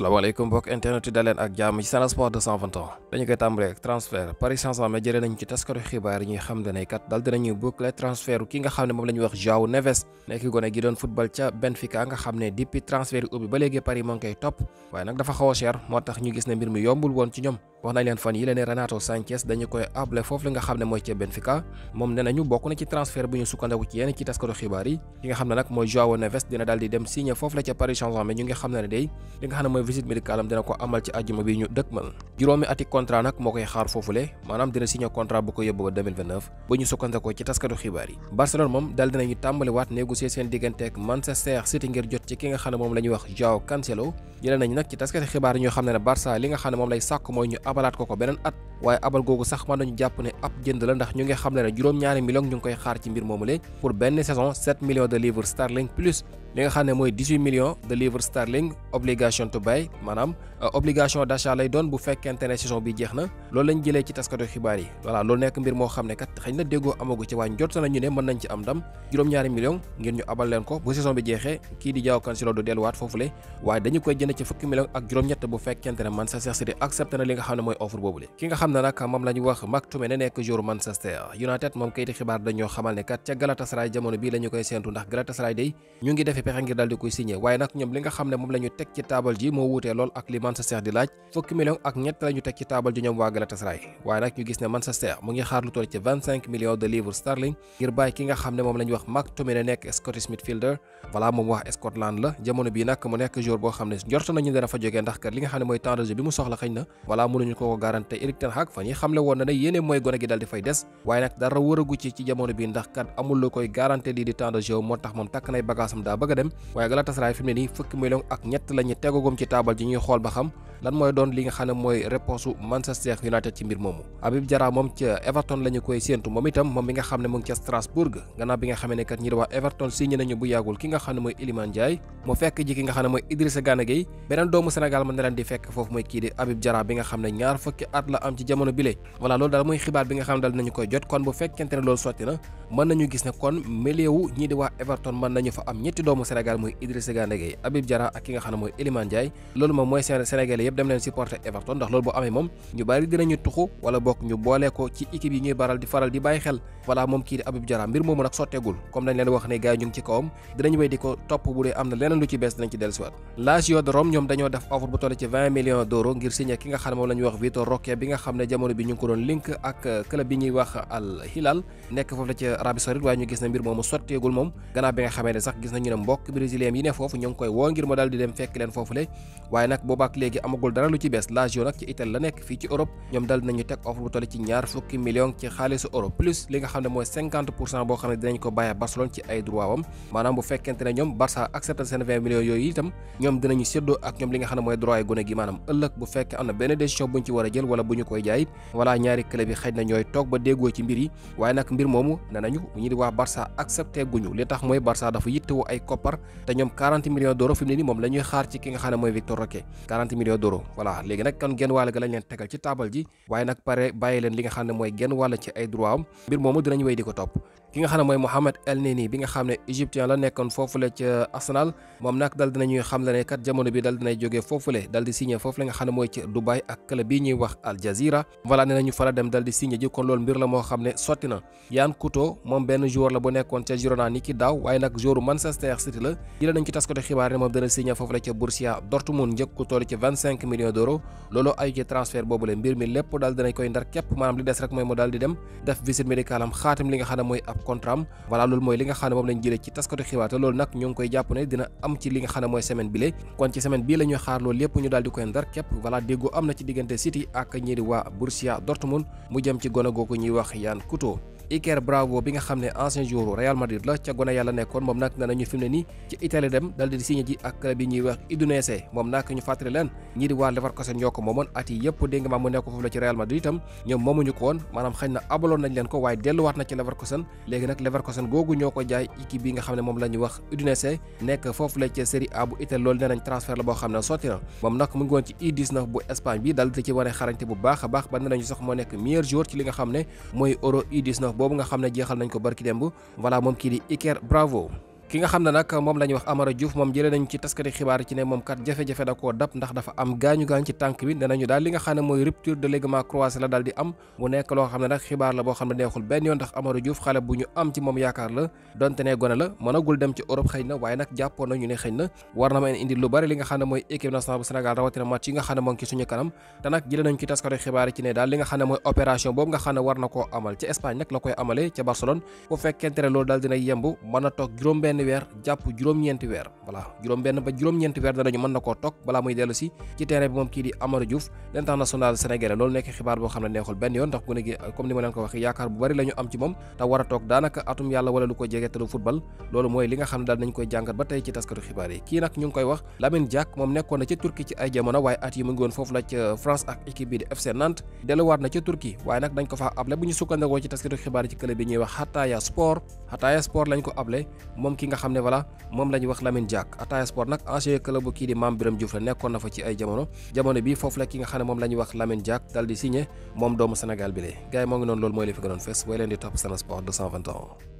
asalaamaaleykum mbokk internet yi daleen ak jàmm ci Sen Sport 221 dañu koy tàmbalee ak transfert Paris Saint-Germain jëlee nañu ci taskatu xibaar yi ñuy xam ne kat dal dinañuy boucler transfert ki nga xam ne moom la ñuy wax João Neves nekk gone gi doon football ca Benfica nga xam ne depuis transfert yi ubbi ba léegi Paris moo ngi koy topp waaye nag dafa xaw a cher moo tax ñu gis ne mbir mi yombul woon ci ñoom wax nañ leen fan yi leen Renato Sanches dañu koy able foofu li nga xam ne mooy ca Benfica moom ne nañu bokk na ci transfert bu ñu sukkandaku ci yenn ci taskatu xibaar yi ki nga xam ne nag mooy João Neves dina négocier seen diggante Manchester City ngir jot ci ki nga xam ne moom la wax João Cancelo jëlee nañ nag ci taskatu xibaar yi ñoo xam ne ne Barça li nga xam ne moom lay sàkk mooy ñu abalaat ko ko beneen at waaye abal googu sax mën nañu jàpp ne ab jënd la ndax ñu ngi xam ne ne juróom-ñaari millions ñu ngi koy xaar ci mbir moomu le pour benn saison 7 millions de livres sterling plus li nga xam ne mooy 18 millions de livres sterling obligation to buy maanaam euh, obligation d'achat lay doon bu fekkente ne saison bi jeex na loolu lañ jëlee ci taskatu xibaar yi voilà loolu nekk mbir moo xam ne kat xëy na déggoo amagu ci waaye jot nañu ne mën nañ ci am ndam juróom-ñaari millions ngir ñu abal leen ko bu saison bi jeexee kii di Joao Cancelo du delluwaat foofule waaye dañu koy jënd ci fukki millions ak juróom-ñett bu fekkente ne Manchester City accepté na li nga xam ne mooy offre boobule ki nga xam ne nag moom la ñu wax Mctominay nekk jour Manchester United moom kayiti xibaar dañoo xamal ne kat ca Galatasaray jamono bii la ñu koy seentu ndax Galatasaray day ñu ngi def waxi pexe ngir daal koy signé waaye nag ñoom li nga xam ne moom la teg ci taabal ji moo wuutee lool ak li Manchester di laaj ak ñett la teg ci taabal ji ñoom waa Galatasaray waaye nag ñu gis ne Manchester mu ngi xaar lu toll ci 25 de livres sterling ngir bàyyi ki nga xam ne moom la ñu wax McTominay nekk Scottish midfielder voilà moom wax Scotland la jamono bii nag mu nekk joueur boo xam ne njort nañu dana fa jógee ndax kat li nga xam ne mooy temps bëgg dem waye Galatasaray fi mu fukk fukki million ak ñett lañu téggogum ci table ji ñuy xol ba xam lan moy doon li nga xam moy réponse Manchester United ci mbir momu Habib Jara mom ci Everton lañu koy sentu mom itam mom mi nga xam mo ngi ci Strasbourg gannaaw bi nga xamee kat ñi Everton signé nañu bu yagul ki nga xam moy Iliman Ndiaye mo fekk ji ki nga xam moy Idrissa Gana Gueye benen doomu Sénégal mën na leen di fekk fofu moy ki di Habib Jara bi nga ñaar fukki at la am ci jamono bile wala lool dal moy xibaar bi nga xam dal nañu koy jot kon bu fekkenté lool soti na mën nañu gis ne kon ñi di wa Everton mën nañu fa am ñetti doomu doomu Sénégal muy Idrissa Gana Gueye Habib Diarra ak ki nga xam ne mooy Iliman Ndiaye loolu moom mooy seen Sénégalais dem leen supporter Everton ndax loolu bu amee moom ñu bari dinañu tuxu wala bokk ñu boolee ci équipe yi ñuy baral faral di bàyyi xel voilà moom kii di Habib Diarra mbir moomu nag sotteegul comme dañ leen wax ne gars ci kawam dinañ wéy di ko topp bu dee am na leneen lu ci bees dinañ ci dellusiwaat Lazio de Rome bu toll ci 20 millions d'euros ci Arabie Saoudite ñu gis mbokk yi ne foofu ñoo koy woo ngir mu daal dem fekk leen foofu le waaye nag boobaak léegi amagul dara lu ci bees Lazio nag ci Italie la nekk fii ci Europe ñoom dal dinañu teg offre bu toll ci ñaar fukki million ci xaalisu euro plus li nga xam ne mooy boo xam ne dinañ ko bàyyee Barcelone ci ay droit wam maanaam bu fekkente ne ñoom Barça accepté seen yooyu itam ñoom dinañu séddoo ak ñoom li nga xam ne mooy droit yi gone gi maanaam ëllëg koppar te ñoom 40 millions d'euros fi mu ne nii moom la ñuy xaar ci ki nga xam ne mooy Victor Roque 40 millions d'euros voilà léegi nag kon genn wàll ga lañ leen tegal ci taabal ji waaye nag pare bàyyi leen li nga xam ne mooy genn wàll ci ay droit am mbir moomu dinañ wéy di ko topp ki nga xam ne mooy Mohamed El Neni bi nga xam ne égyptien la nekkoon foofule ca Arsenal moom nag dal dinañuy xam la ne jamono bi dal dinay jógee foofu la nga dal di signé ji la ca Girona Dortmund njëkk toll ci vingt cinq millions d'euros loolu ay ci transfert boobule mbir mi lépp dal dinañ koy ndar képp maanaam li des rek mooy mu dal di dem def visite médicale xaatim li nga xam ne mooy ab contrat am voilà loolu mooy li nga xam ne moom lañ jëlee ci taskatu xibaar te loolu nag ñoo ngi koy jàpp ne dina am ci li nga xam ne mooy semaine bi lé kon ci semaine bii la ñuy xaar loolu lépp ñu daal koy ndar képp voilà déggoo am na ci diggante City ak ñii waa Borussia Dortmund mu jëm ci gone googu ñuy wax yaan Couto Iker Bravo bi nga xam ne ancien joueur Real Madrid la ca gone yàlla nekkoon moom nag nee nañu fi ne nii ci Italie dem dal di ji ak club bi ñuy wax Udinese moom nag ñu fàttali leen ñii di waa ko woon maanaam xëy na abaloon nañ leen ko waaye delluwaat na ci Leverkusen léegi nag Leverkusen googu ñoo ko jaay équipe bi nga xam ne moom la wax Udinese nekk foofu la ca Serie A bu Italie loolu nee nañ transfert la boo xam ne sotti na moom nag a baax bobu nga xamne jexal kalau nañ ko barki dembu wala mom ki di Iker Bravo ki nga xam ne nag moom la wax Amara Diouf moom jëlee da nañu ci taskati xibaar ci ne daal li nga xam ne mooy opération boobu nga xam ne war na koo amal ci Espagne nag la koy amale ca Barcelone bu fekkente loolu daal dina yemb mën a toog juróom benn benn weer jàpp juróom-ñeenti weer voilà juróom benn ba juróom-ñeenti weer danañu mën na koo toog balaa muy dellu si ci terrain bi moom kii di Amadou Diouf l'international sénégalais loolu nekk xibaar boo xam ne neexul benn yoon ndax gune gi comme ni ma leen ko waxee yaakaar bu bari lañu am ci moom te war a toog daanaka atum yàlla wala lu ko jege te football loolu mooy li nga xam ne daal nañ koy jàngat ba tey ci taskatu xibaar yi kii nag ñu ngi koy wax Lamine Diack moom nekkoon na ca turki ci ay jamono waaye at yi mu ngi woon foofu la ca France ak équipe bi di FC Nantes delluwaat na ca turki waaye nak dañ ko fa able bu ñu sukkandikoo ci taskatu xibaar yi ci club bi ñuy wax Hataya Sport Hataya Sport lañ ko able moom ki nga xam ne voilà moom la ñu wax Lamine Diack Ataaya Sport nag ancien club bu kii di Mame Birame Diouf la nekkoon na fa ci ay jamono jamono bi foofu la ki nga xam ne moom la wax Lamine Diack dal di signé moom doomu Sénégal bi lee gars moo ngi noonu loolu mooy li fi gënoon fees way leen di topp Sen Sport